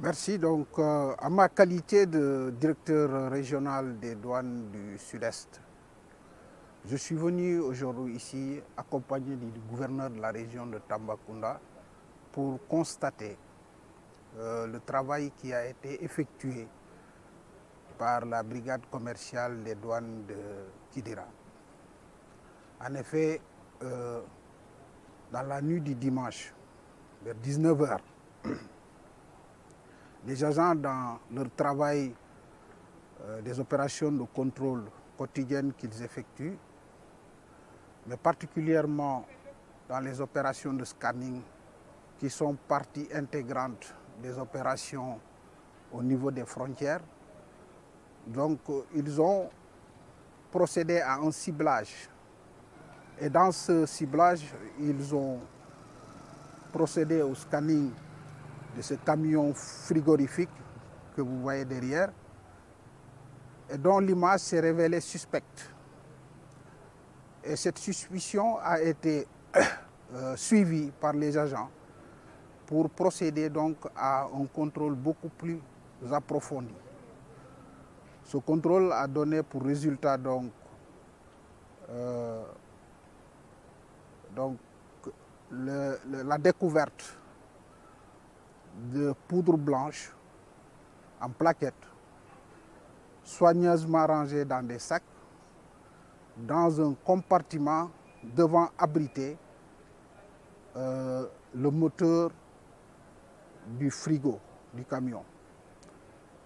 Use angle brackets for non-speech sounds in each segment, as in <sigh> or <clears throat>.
Merci. Donc, euh, de directeur régional des douanes du Sud-Est, je suis gouverneur de la région de Tambacounda pour constater euh, le travail qui a par la brigade commerciale des douanes de euh, la nuit du dimanche, <clears throat> les agents dans leur travail euh, des opérations de contrôle quotidiennes qu'ils effectuent, mais particulièrement dans les opérations de scanning qui sont partie intégrantes des opérations au niveau des frontières. Donc euh, ils ont procédé à un ciblage et dans ce ciblage, ils ont procédé au scanning de ce camion frigorifique que vous voyez derrière et dont l'image s'est révélée suspecte. Et cette suspicion a été <coughs> euh, suivie par les agents pour procéder donc à un contrôle beaucoup plus approfondi. Ce contrôle a donné pour résultat donc, euh, le, le, la découverte de poudre blanche en plaquettes, soigneusement rangées dans des sacs, dans un compartiment devant abriter euh, le moteur du frigo du camion.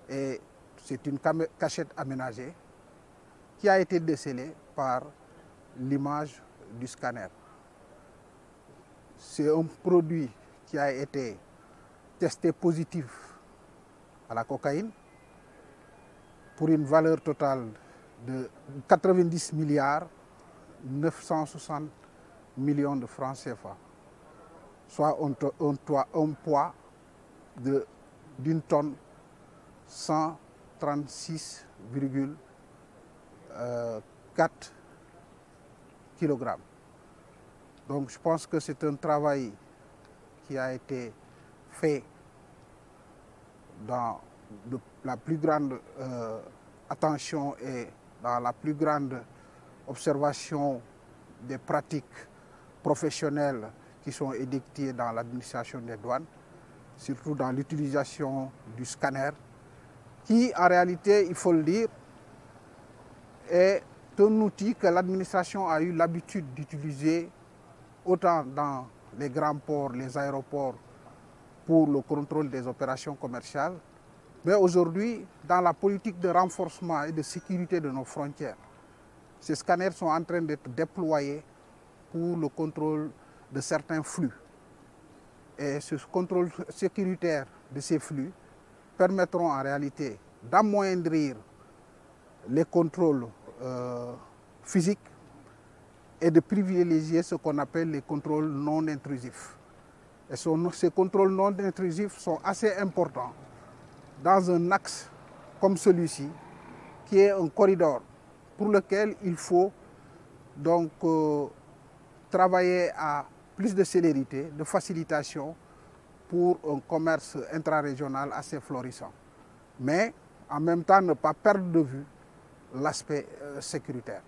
Et c'est une cachette aménagée qui a été décelée par l'image du scanner. C'est un produit qui a été testé positif à la pour une valeur totale de 90 milliards 960 millions de francs CFA, soit un, un poids d'une tonne 136,4 euh, kg. Donc je pense que c'est un travail qui fait dans le, la plus grande euh, attention et dans la plus grande observation des pratiques professionnelles qui sont édictées dans l'administration des douanes, surtout dans l'utilisation du scanner, qui en réalité, il faut le dire, est un outil que l'administration a eu l'habitude d'utiliser autant dans les grands ports, les aéroports pour le contrôle des opérations commerciales, mais aujourd'hui, dans la politique de renforcement et de sécurité de nos frontières, ces scanners sont en train d'être déployés pour le contrôle de certains flux. Et ce contrôle sécuritaire de ces flux permettront en réalité d'amoindrir les contrôles euh, physiques et de privilégier ce qu'on appelle les contrôles non intrusifs. Et son, ces contrôles non intrusifs sont assez importants dans un axe comme celui-ci, qui est un corridor pour lequel il faut donc euh, travailler à plus de célérité, de facilitation pour un commerce intrarégional assez florissant. Mais en même temps, ne pas perdre de vue l'aspect euh, sécuritaire.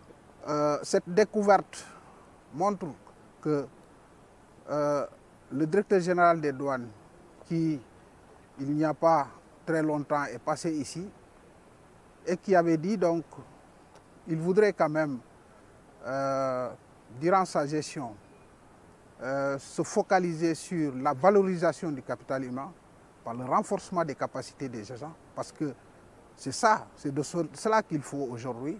Euh, cette découverte montre que euh, Le directeur général des douanes, qui il n'y a pas très longtemps est passé ici, et qui avait dit donc il voudrait quand même, euh, durant sa gestion, euh, se focaliser sur la valorisation du capital humain par le renforcement des capacités des agents, parce que c'est ça, c'est de cela qu'il faut aujourd'hui.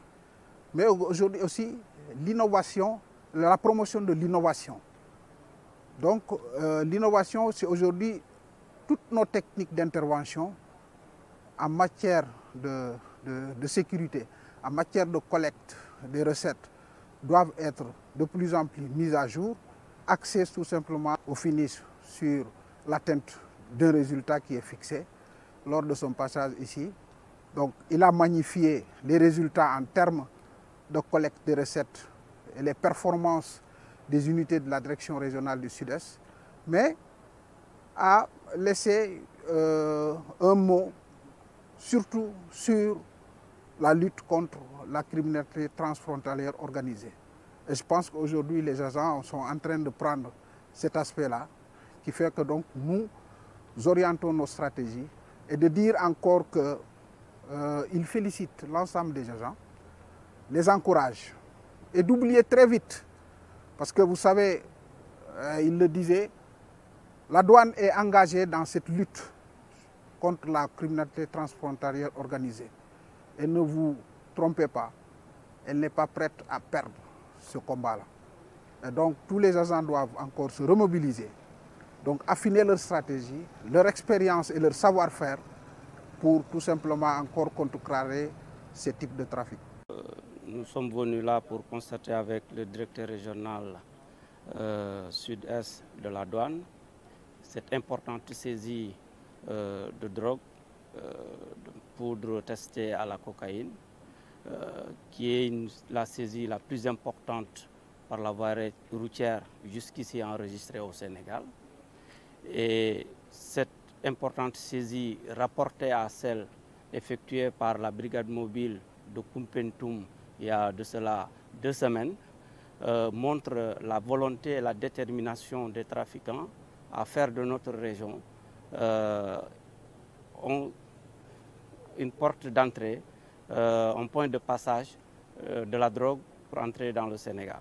Mais aujourd'hui aussi, l'innovation, la promotion de l'innovation. Donc euh, l'innovation, c'est aujourd'hui toutes nos techniques d'intervention en matière de, de, de, sécurité, en matière de collecte des recettes, doivent être de plus en plus mises à jour, axées tout simplement au finish sur l'atteinte d'un résultat qui est fixé lors de son passage ici. Donc il a magnifié les résultats en termes de collecte des recettes et les performances des unités de la direction régionale du Sud-Est, mais a laissé euh, un mot surtout sur la lutte contre la criminalité transfrontalière organisée. Et je pense qu'aujourd'hui, les agents sont en train de prendre cet aspect-là, qui fait que donc nous orientons nos stratégies et de dire encore qu'ils euh, félicitent l'ensemble des agents, les encouragent et d'oublier très vite Parce que vous savez, euh, il le disait, la douane est engagée dans cette lutte contre la criminalité transfrontalière organisée. Et ne vous trompez pas, elle n'est pas prête à perdre ce combat-là. Donc tous les agents doivent encore se remobiliser, donc affiner leur stratégie, leur expérience et leur savoir-faire pour tout simplement encore contre contrecarrer ce type de trafic. nous sommes venus là pour constater avec le directeur régional euh, sud-est de la douane cette importante saisie euh, de drogue, euh, de poudre testée à la cocaïne, euh, qui est une, la saisie la plus importante par la voie routière jusqu'ici enregistrée au Sénégal. Et cette importante saisie rapportée à celle effectuée par la brigade mobile de Kumpentum il y a de cela deux semaines, euh, montre la volonté et la détermination des trafiquants à faire de notre région euh, on, une porte d'entrée, euh, un point de passage euh, de la drogue pour entrer dans le Sénégal.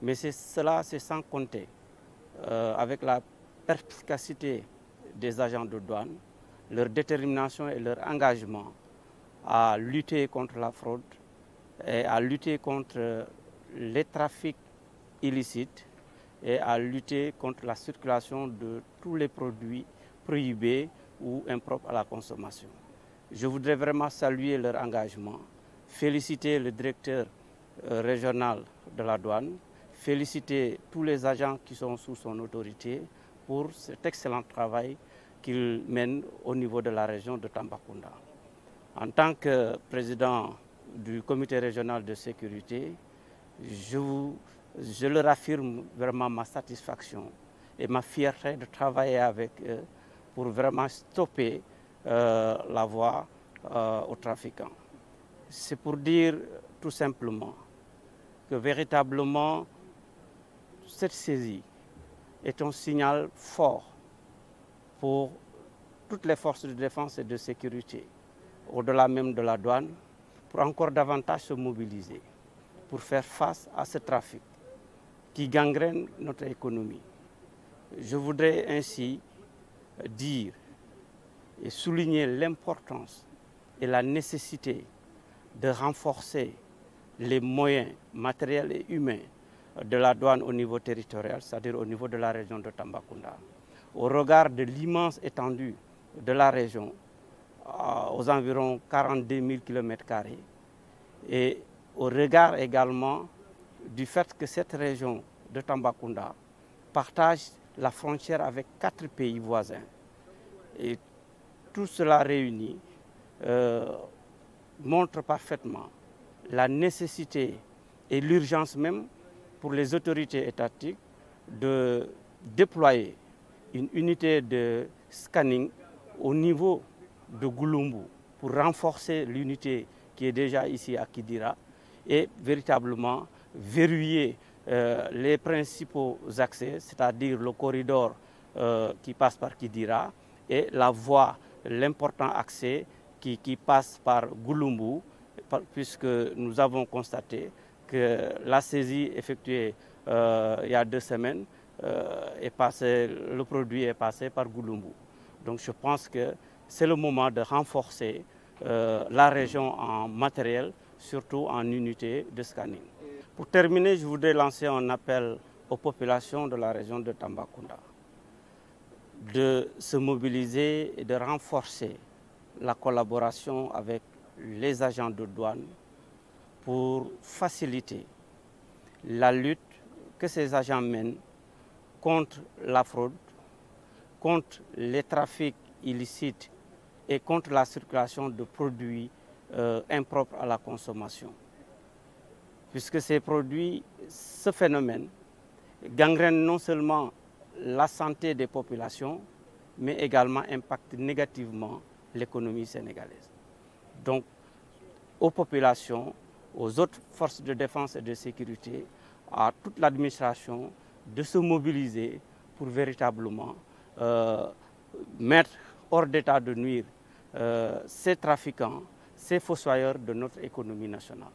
Mais cela, c'est sans compter euh, avec la perspicacité des agents de douane, leur détermination et leur engagement à lutter contre la fraude et à lutter contre les trafics illicites et à lutter contre la circulation de tous les produits prohibés ou impropres à la consommation. Je voudrais vraiment saluer leur engagement, féliciter le directeur euh, régional de la douane, féliciter tous les agents qui sont sous son autorité pour cet excellent travail qu'ils mènent au niveau de la région de Tambacounda. En tant que président du comité régional de sécurité, je, vous, je leur affirme vraiment ma satisfaction et ma fierté de travailler avec eux pour vraiment stopper euh, la voie euh, aux trafiquants. C'est pour dire tout simplement que véritablement cette saisie est un signal fort pour toutes les forces de défense et de sécurité, au-delà même de la douane, pour encore davantage se mobiliser pour faire face à ce trafic qui gangrène notre économie. Je voudrais ainsi dire et souligner l'importance et la nécessité de renforcer les moyens matériels et humains de la douane au niveau territorial, c'est-à-dire au niveau de la région de Tambacounda. Au regard de l'immense étendue de la région, Euh, aux environs 42 000 kilomètres carrés. Et au regard également du fait que cette région de Tambacounda partage la frontière avec quatre pays voisins. Et tout cela réuni euh, montre parfaitement la nécessité et l'urgence même pour les autorités étatiques de déployer une unité de scanning au niveau de gulumbu pour renforcer l'unité qui est déjà ici à Kidira et véritablement verrouiller euh, les principaux accès, c'est-à-dire le corridor euh, qui passe par Kidira et la voie, l'important accès qui, qui, passe par Gouloumbou, puisque nous avons constaté que la saisie effectuée euh, il y a deux semaines, euh, est passée, le produit est passé par Gouloumbou. Donc je pense que c'est le moment de renforcer euh, la région en matériel, surtout en unité de scanning. Pour terminer, je voudrais lancer un appel aux populations de la région de Tambacounda de se mobiliser et de renforcer la collaboration avec les agents de douane pour faciliter la lutte que ces agents mènent contre la fraude, contre les trafics illicites et contre la circulation de produits euh, impropres à la consommation. Puisque ces produits, ce phénomène gangrène non seulement la santé des populations, mais également impact négativement l'économie sénégalaise. Donc, aux populations, aux autres forces de défense et de sécurité, à toute l'administration de se mobiliser pour véritablement euh, mettre hors d'état de nuire Euh, ces trafiquants, ces fossoyeurs de notre économie nationale.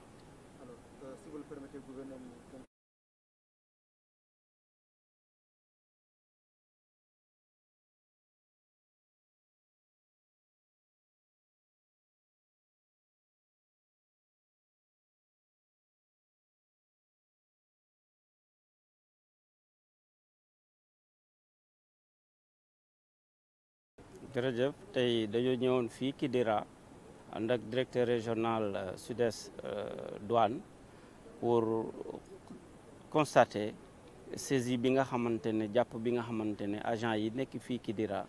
jërëjëf tey dañoo ñëwoon fii Kidira ànd ak directeur régional euh, sud-est euh, douane pour constater saisie bi nga xamante ne jàpp bi nga xamante ne agent yi nekk fii Kidira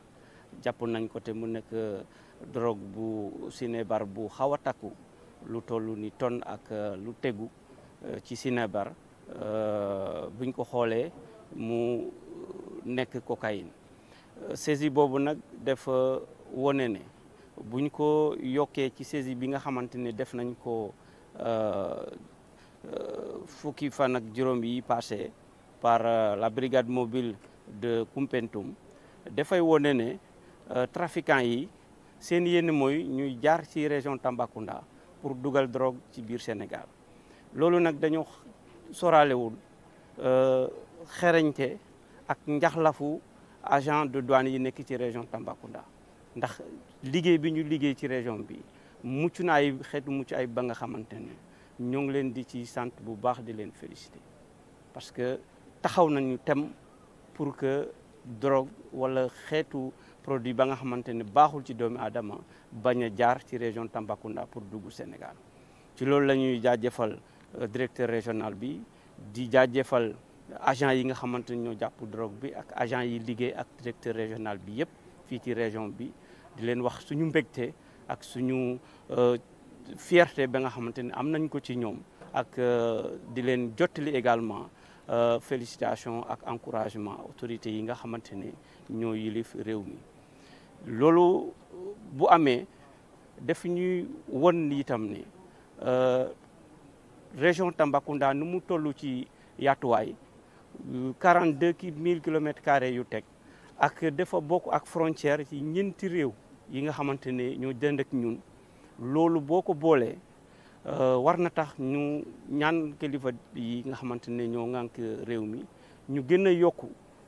jàpp nañ ko te mu nekk euh, drogue bu sinébar bu xaw a takku lu toll ni tonne ak lu tegu ci sinébar buñ ko xoolee mu nekk cocaïne saisie boobu nag dafa wone ne buñ ko yokkee ci saisie bi nga xamante ne def nañ ko euh, euh, fukki fan nag juróom yi passé par euh, la brigade mobile de Koumpentoum dafay wone ne trafiquants yi seen yéen mooy ñuy jaar ci région Tambacounda pour dugal drogue ci biir Sénégal loolu nag dañu soraalewul xereñte ak njaxlafu agent de douane yi nekk ci région Tambacounda ndax liggéey bi ñu liggéey ci région bi mucc na ay xeetu mucc ay ba nga xamante ni ñoo ngi leen di ci sant bu baax di leen féliciter parce que taxaw nañu tem pour que drogue wala xeetu produit ba nga xamante ne baaxul ci doomi aadama bañ a jaar ci région Tambacounda pour dugg Sénégal ci loolu lañuy ñuy jaajëfal euh, directeur régional bi di jaajëfal agent yi nga xamante ñoo jàpp drogue bi ak agent yi liggéey ak directeur régional bi yëpp fii ci région bi di leen wax suñu mbégte ak suñu euh, fierté ba nga xamante ni am nañ ko ci ñoom ak euh, di leen jottali également euh, félicitation ak encouragement autorités yi nga xamante ne ñoo yili réew mi loolu bu amee daf ñuy won itam ne région Tambacounda nu mu toll ci yatuwaay quarante deux kii mille kilomètres carrés yu teg ak defa bokk ak frontière ci ñeenti réew yi nga xamante ne ñoo dënd ak ñun loolu boo ko boolee euh, war na tax ñu ñaan kilifa yi nga xamante ne ñoo ŋànk réew mi ñu gën a yokk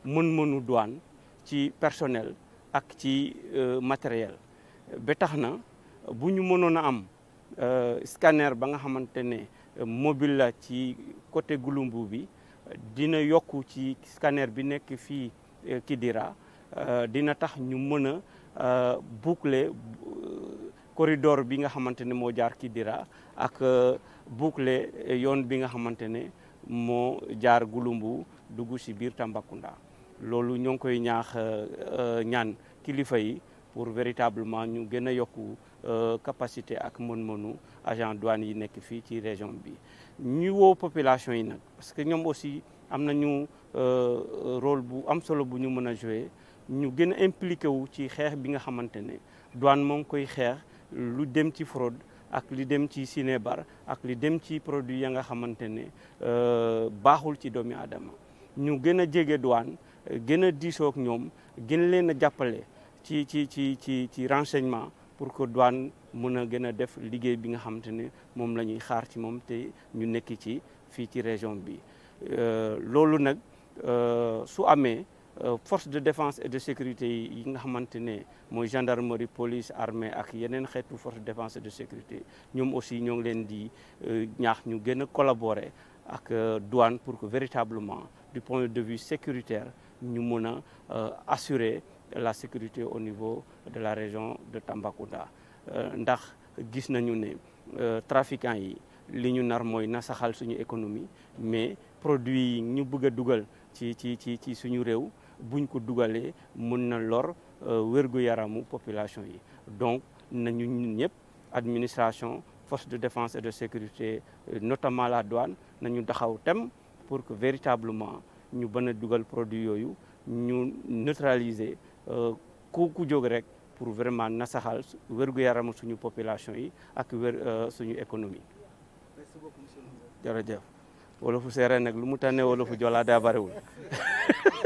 mën-mënu douane ci personnel ak ci euh, matériel ba tax na bu ñu mënoon a am euh, scanner ba nga xamante ne mobile la ci côté Gouloumbou bi dina yokku ci scanner bi nekk fii euh, Kidira euh, dina tax ñu mën a euh, boucler corridor bi nga xamante ne moo jaar Kidira ak boucler yoon bi nga xamante ne moo jaar Gouloumbou dugg si biir Tambacounda loolu ñoo ngi koy ñaax ñaan kilifa yi pour véritablement ñu gën a yokku Euh, capacité ak mën-mënu agent douane yi nekk fii ci région bi ñuy woo population yi nag parce que ñoom aussi am nañu euh, rôle bu am solo bu ñu mën a jouer ñu gën a impliqué wu ci xeex bi nga xamante ne douane moo ngi koy xeex lu dem ci fraude ak li dem ci sinébar ak li dem ci produit ya nga xamante ne euh, baaxul ci doomi aadama ñu gën a jege douane gën a diisoog ñoom gën leen a jàppale ci ci ci ci ci renseignement pour que douane mun a gën a def liggéey bi nga xamante ni moom la ñuy xaar ci moom te ñu nekk ci fii ci région bi euh, loolu nag euh, su amee euh, force de défence et de sécurité yi nga xamante ne mooy gendarmerie police armée ak yeneen xeetu force de défense et de sécurité ñoom aussi ñoo ngi leen di ñaax ñu gën a collaborer ak douane pour que véritablement du point de vue sécuritaire ñu mën a assurer la sécurité au niveau de la région de Tambacounda euh, ndax gis nañu ne euh, trafiquants yi li ñu nar mooy nasaxal suñu économie mais produit yi ñu bëgg a dugal ci ci ci ci suñu réew buñ ko dugalee mën na lor euh, wér-gu-yaramu population yi donc nañu ñun ñëpp administration force de défense et de sécurité notamment la douane nañu taxaw tem pour que véritablement ñu bën a dugal produit yooyu ñu neutraliser Euh, kooku jóg rek pour vraiment nasaxal wér-gu-yaramu suñu population yi ak wér euh, suñu économie jërëjëf wolofu seeree nag lu mu tànnee wolofu joolaa daa bariwul <laughs>